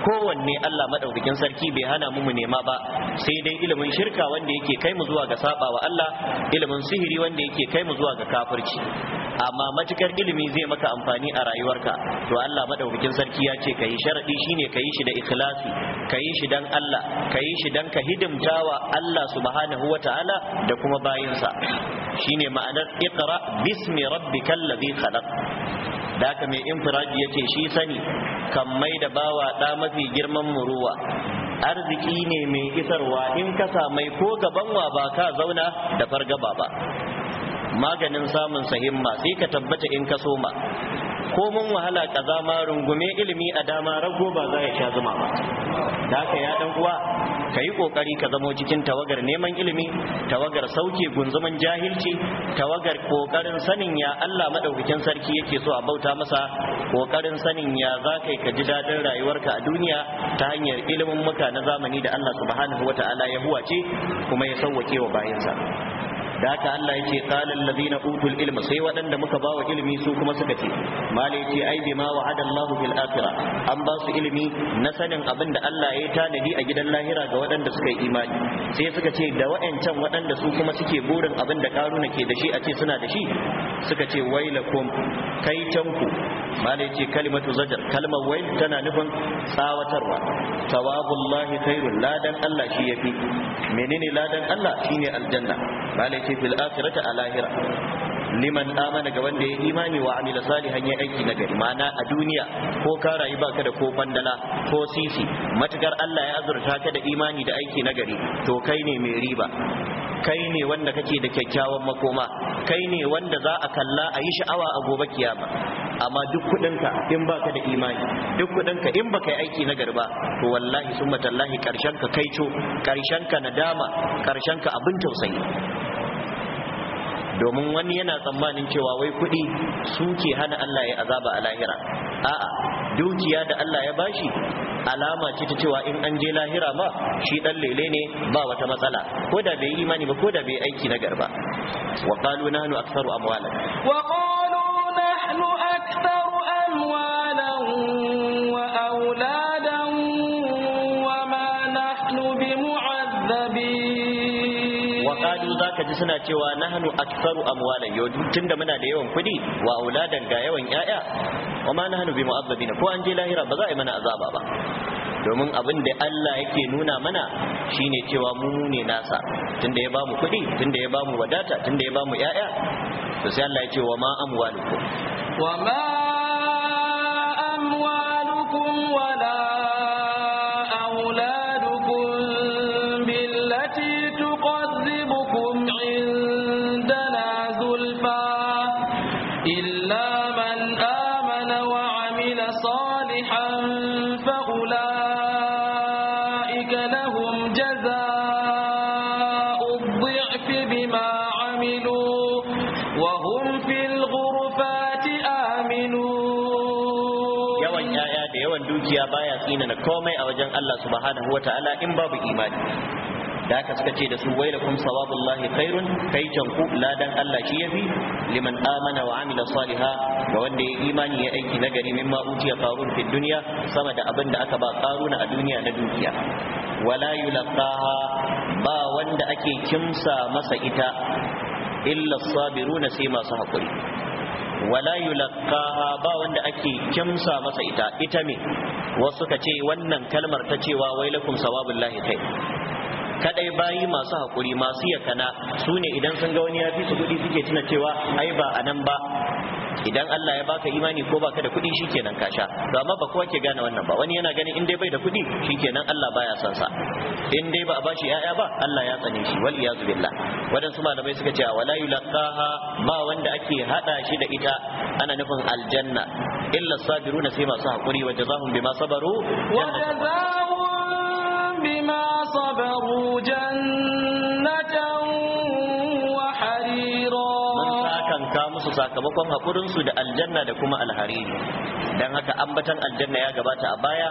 kowanne Allah madaukakin sarki bai hana mu nema ba sai dai ilimin shirka wanda yake kai mu zuwa ga sabawa Allah ilimin sihiri wanda yake kai mu zuwa ga kafirci amma matukar ilimi zai maka amfani a rayuwarka to Allah madaukakin sarki ya ce kai sharadi shine yi shi da ikhlasi yi shi dan Allah kai shi dan ka hidimtawa Allah subhanahu ta'ala, da kuma bayinsa shine ma'anar iqra bismi rabbikal ladhi khalaq da haka mai infiradi ya ce shi sani kan mai da bawa ɗa mafi girman muruwa arziki ne mai isarwa in ka samai ko gabanwa ba ka zauna da fargaba ba maganin samun sahimma sai ka tabbata in ka soma ko mun wahala kaza ma rungume ilimi a dama rago ba za ya sha zuma ba da haka ya dan uwa ka yi kokari ka zamo cikin tawagar neman ilimi tawagar sauke gunzuman jahilci tawagar kokarin sanin ya Allah madaukakin sarki yake so a bauta masa kokarin sanin ya za kai ka ji dadin rayuwarka a duniya ta hanyar ilimin muka na zamani da Allah subhanahu wataala ya huwace kuma ya sauwake wa bayansa da haka Allah ce, qalal ladina utul ilma sai waɗanda muka bawa ilimi su kuma suka ce mala yace ai bima ma wa'adallahu bil akhirah an ba su ilimi na sanin abin da Allah ya tanadi a gidan lahira ga waɗanda suka yi imani sai suka ce da wa'ancan waɗanda su kuma suke burin abin da karuna ke da shi a ce suna da shi suka ce wailakum kai tanku mala yace kalimatu zajar kalmar wail tana nufin tsawatarwa tawabullahi khairul ladan Allah shi yafi menene ladan Allah shine aljanna malai ce fil akhirati a lahira liman amana ga wanda ya imani wa amila salihan ya aiki na gari mana a duniya ko ka rayu baka da ko bandala ko sisi matukar Allah ya azurta ka da imani da aiki na gari to kai ne mai riba kai ne wanda kake da kyakkyawan makoma kai ne wanda za a kalla a yi sha'awa a gobe kiyama amma duk kudinka in baka da imani duk kudinka in baka yi aiki na garba to wallahi summa tallahi karshen ka kaico karshen ka nadama karshen ka abin tausayi domin wani yana tsammanin cewa wai kuɗi suke hana Allah ya azaba a lahira a'a dukiya da Allah ya bashi alama ce ta cewa in an je lahira ma shi dan lele ne ba wata matsala ko da bai imani ba ko da bai aiki na garba wa qalu nahnu aktharu amwalan wa za ka ji suna cewa na hannu nahnu aktharu amwalan yau da muna da yawan kudi wa auladan ga yawan yaya wa ma hannu bi mu'azzabina ko an je lahira ba za a yi mana azaba ba domin abin da Allah yake nuna mana shine cewa mu ne nasa tun da ya bamu kudi da ya bamu wadata da ya bamu yaya to sai Allah ya ce wa ma wa ma Allah subhanahu wa ta'ala in babu imani da haka suka ce da su wailakum sawabullahi khairun kai ku ladan Allah shi yafi liman amana wa amila saliha ga wanda ya imani ya aiki nagari mimma utiya qarun fi dunya sama da abin da aka ba karuna a duniya na dukiya wala yulqaha ba wanda ake kimsa masa ita illa sabiruna sai masu hakuri wala yulqaha ba wanda ake kimsa masa ita ita me wasu ka ce wannan kalmar ta cewa wailakum sawabullahi kai kadai bayi masu hakuri masu yakana su ne idan sun ga wani ya fi su kuɗi suke tuna cewa ai ba a nan ba idan Allah ya baka imani ko baka da kuɗi shikenan ka sha to amma ba kowa ke gane wannan ba wani yana ganin in dai bai da kuɗi shikenan Allah baya son sa in dai ba a bashi yaya ba Allah ya tsane shi wal iyazu billah waɗansu malamai suka cewa wala yulqaha ba wanda ake hada shi da ita ana nufin aljanna illa sabiruna sai masu hakuri wa jazahum bima sabaru wa jazahum bima sabaru janna ka musu sakamakon haƙurinsu da aljanna da kuma alhariri don haka ambatan aljanna ya gabata a baya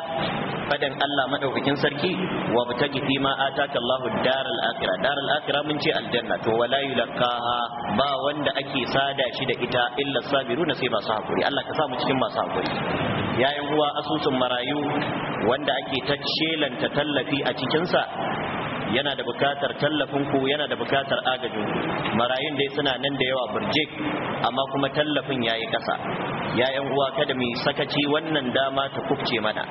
fadan Allah madaukakin sarki wa butaki fi ma ataka Allahu daral akhirah daral akhirah mun ce aljanna to wala yulqaha ba wanda ake sada shi da ita illa na sai masu hakuri Allah ka sa mu cikin masu hakuri yayin uwa asusun marayu wanda ake ta shelanta tallafi a cikinsa yana da bukatar tallafin ku yana da bukatar agajin ku marayun dai suna nan da yawa burjik amma kuma tallafin yayi kasa ya yan uwa kada mu sakaci wannan dama ta kufce mana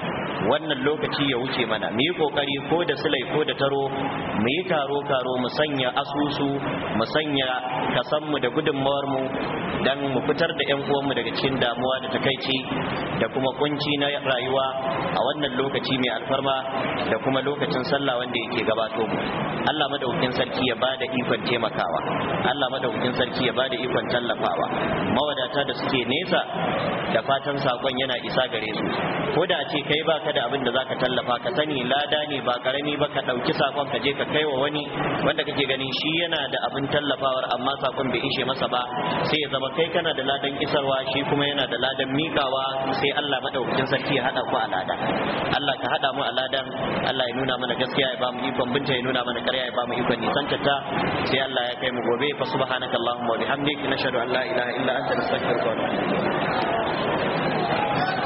wannan lokaci ya wuce mana mu yi kokari ko da sulai ko da taro mu yi karo karo mu sanya asusu mu sanya kasan mu da gudunmawar mu dan mu fitar da yan uwan mu daga cikin damuwa da takaici da kuma kunci na rayuwa a wannan lokaci mai alfarma da kuma lokacin sallah wanda yake gabato Allah madaukin sarki ya bada ikon taimakawa Allah madaukin sarki ya bada ikon tallafawa mawadata da suke nesa da fatan sakon yana isa gare su ko da ce kai baka da abin da zaka tallafa ka sani lada ne ba karami ba ka dauki sakon ka je ka kai wa wani wanda kake ganin shi yana da abin tallafawar amma sakon bai ishe masa ba sai ya zama kai kana da ladan isarwa shi kuma yana da ladan mikawa sai Allah madaukin sarki ya hada ku a lada Allah ka hada mu a ladan Allah ya nuna mana gaskiya ya ba mu ikon ya nuna mana ƙarya ya ba ikon nisantar ta sai Allah ya kai mu gobe fa subhanaka allahumma wa bihamdik nashhadu an la ilaha illa anta nastaghfiruka wa natubu